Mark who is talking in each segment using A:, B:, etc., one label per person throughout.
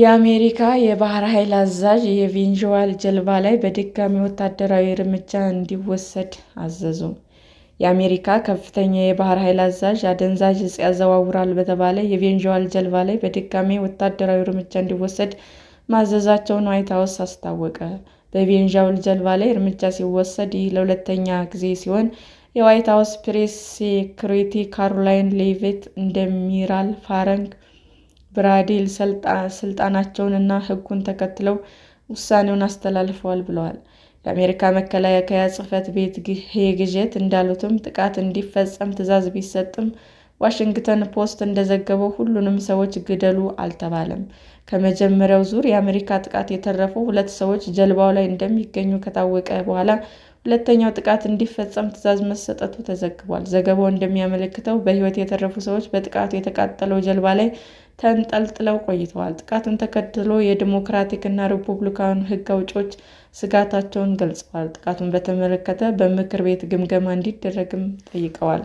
A: የአሜሪካ የባህር ኃይል አዛዥ የቬንዙዌላ ጀልባ ላይ በድጋሚ ወታደራዊ እርምጃ እንዲወሰድ አዘዙ። የአሜሪካ ከፍተኛ የባህር ኃይል አዛዥ አደንዛዥ ያዘዋውራል በተባለ የቬንዙዌላ ጀልባ ላይ በድጋሚ ወታደራዊ እርምጃ እንዲወሰድ ማዘዛቸውን ዋይት ሀውስ አስታወቀ። በቬንዙዌላ ጀልባ ላይ እርምጃ ሲወሰድ ይህ ለሁለተኛ ጊዜ ሲሆን፣ የዋይት ሀውስ ፕሬስ ሴክሬታሪ ካሮላይን ሌቪት እንደሚራል ፋረንግ ብራዲል ስልጣናቸውንና ህጉን ተከትለው ውሳኔውን አስተላልፈዋል ብለዋል። የአሜሪካ መከላከያ ጽህፈት ቤት ሄግዤት እንዳሉትም ጥቃት እንዲፈጸም ትዕዛዝ ቢሰጥም ዋሽንግተን ፖስት እንደዘገበው ሁሉንም ሰዎች ግደሉ አልተባለም። ከመጀመሪያው ዙር የአሜሪካ ጥቃት የተረፉ ሁለት ሰዎች ጀልባው ላይ እንደሚገኙ ከታወቀ በኋላ ሁለተኛው ጥቃት እንዲፈጸም ትዕዛዝ መሰጠቱ ተዘግቧል። ዘገባው እንደሚያመለክተው በህይወት የተረፉ ሰዎች በጥቃቱ የተቃጠለው ጀልባ ላይ ተንጠልጥለው ቆይተዋል። ጥቃቱን ተከትሎ የዲሞክራቲክ እና ሪፑብሊካን ሕግ አውጪዎች ስጋታቸውን ገልጸዋል። ጥቃቱን በተመለከተ በምክር ቤት ግምገማ እንዲደረግም ጠይቀዋል።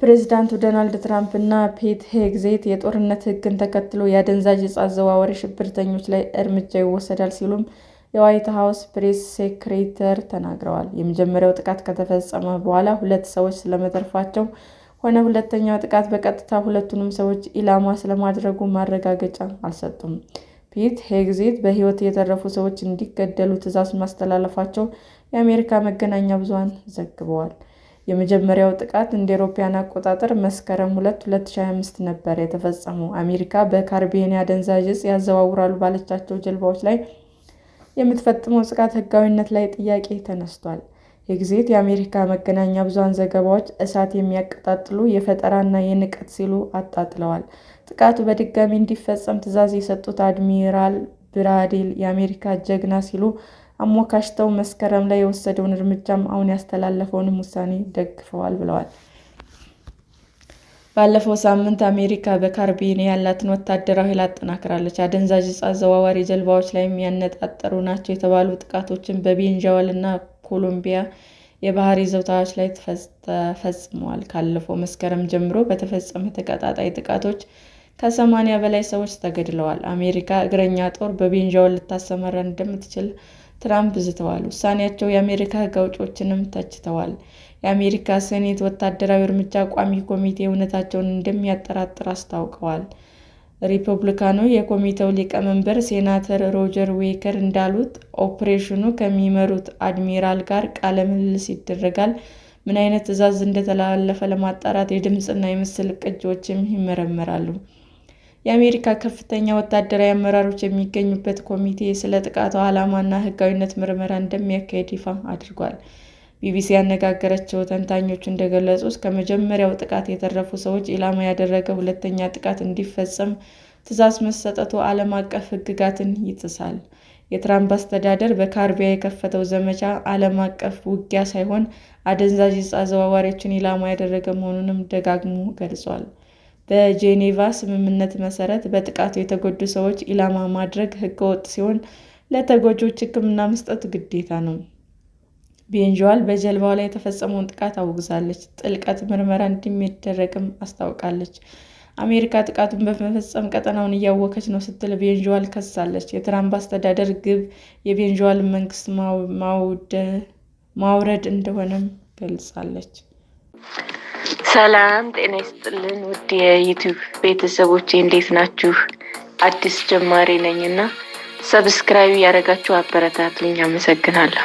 A: ፕሬዚዳንቱ ዶናልድ ትራምፕ እና ፔት ሄግዜት የጦርነት ሕግን ተከትሎ የአደንዛዥ ዕፅ አዘዋዋሪ ሽብርተኞች ላይ እርምጃ ይወሰዳል ሲሉም የዋይት ሀውስ ፕሬስ ሴክሬተር ተናግረዋል። የመጀመሪያው ጥቃት ከተፈጸመ በኋላ ሁለት ሰዎች ስለመተርፋቸው ሆነ ሁለተኛው ጥቃት በቀጥታ ሁለቱንም ሰዎች ኢላማ ስለማድረጉ ማረጋገጫ አልሰጡም። ፒት ሄግዚት በሕይወት የተረፉ ሰዎች እንዲገደሉ ትዕዛዝ ማስተላለፋቸው የአሜሪካ መገናኛ ብዙኃን ዘግበዋል። የመጀመሪያው ጥቃት እንደ አውሮፓውያን አቆጣጠር መስከረም 2 2025 ነበር የተፈጸመው። አሜሪካ በካሪቢያን አደንዛዥ ዕፅ ያዘዋውራሉ ባለቻቸው ጀልባዎች ላይ የምትፈጽመው ጥቃት ሕጋዊነት ላይ ጥያቄ ተነስቷል። የግዜይት የአሜሪካ መገናኛ ብዙሃን ዘገባዎች እሳት የሚያቀጣጥሉ የፈጠራና የንቀት ሲሉ አጣጥለዋል። ጥቃቱ በድጋሚ እንዲፈጸም ትዕዛዝ የሰጡት አድሚራል ብራዴል የአሜሪካ ጀግና ሲሉ አሞካሽተው መስከረም ላይ የወሰደውን እርምጃም አሁን ያስተላለፈውንም ውሳኔ ደግፈዋል ብለዋል። ባለፈው ሳምንት አሜሪካ በካሪቢያን ያላትን ወታደራዊ ኃይል አጠናክራለች። አደንዛዥ ዕፅ አዘዋዋሪ ጀልባዎች ላይም ያነጣጠሩ ናቸው የተባሉ ጥቃቶችን በቤንጃዋል እና ኮሎምቢያ የባህር ይዞታዎች ላይ ተፈጽመዋል። ካለፈው መስከረም ጀምሮ በተፈጸመ ተቀጣጣይ ጥቃቶች ከሰማንያ በላይ ሰዎች ተገድለዋል። አሜሪካ እግረኛ ጦር በቤንዣው ልታሰማራ እንደምትችል ትራምፕ ዝተዋል። ውሳኔያቸው የአሜሪካ ሕግ አውጪዎችንም ተችተዋል። የአሜሪካ ሴኔት ወታደራዊ እርምጃ ቋሚ ኮሚቴ እውነታቸውን እንደሚያጠራጥር አስታውቀዋል። ሪፐብሊካኑ የኮሚቴው ሊቀመንበር ሴናተር ሮጀር ዌከር እንዳሉት ኦፕሬሽኑ ከሚመሩት አድሚራል ጋር ቃለ ምልልስ ይደረጋል። ምን ዓይነት ትዕዛዝ እንደተላለፈ ለማጣራት የድምፅና የምስል ቅጂዎችም ይመረመራሉ። የአሜሪካ ከፍተኛ ወታደራዊ አመራሮች የሚገኙበት ኮሚቴ ስለ ጥቃቱ ዓላማና ሕጋዊነት ምርመራ እንደሚያካሂድ ይፋ አድርጓል። ቢቢሲ ያነጋገረቸው ተንታኞች እንደገለጹት ከመጀመሪያው ጥቃት የተረፉ ሰዎች ኢላማ ያደረገ ሁለተኛ ጥቃት እንዲፈጸም ትዕዛዝ መሰጠቱ ዓለም አቀፍ ሕግጋትን ይጥሳል። የትራምፕ አስተዳደር በካርቢያ የከፈተው ዘመቻ ዓለም አቀፍ ውጊያ ሳይሆን አደንዛዥ ዕፅ አዘዋዋሪዎችን ኢላማ ያደረገ መሆኑንም ደጋግሞ ገልጿል። በጄኔቫ ስምምነት መሠረት በጥቃቱ የተጎዱ ሰዎች ኢላማ ማድረግ ሕገወጥ ሲሆን፣ ለተጎጂዎች ሕክምና መስጠት ግዴታ ነው። ቤንዥዋል በጀልባው ላይ የተፈጸመውን ጥቃት አውግዛለች፤ ጥልቀት ምርመራ እንደሚደረግም አስታውቃለች። አሜሪካ ጥቃቱን በመፈጸም ቀጠናውን እያወከች ነው ስትል ቤንጅዋል ከሳለች። የትራምፕ አስተዳደር ግብ የቤንዥዋልን መንግስት ማውረድ እንደሆነም ገልጻለች።
B: ሰላም ጤና ይስጥልን ውድ የዩቲዩብ ቤተሰቦች እንዴት ናችሁ? አዲስ ጀማሪ ነኝ እና ሰብስክራይብ ያደረጋችሁ አበረታትልኝ። አመሰግናለሁ።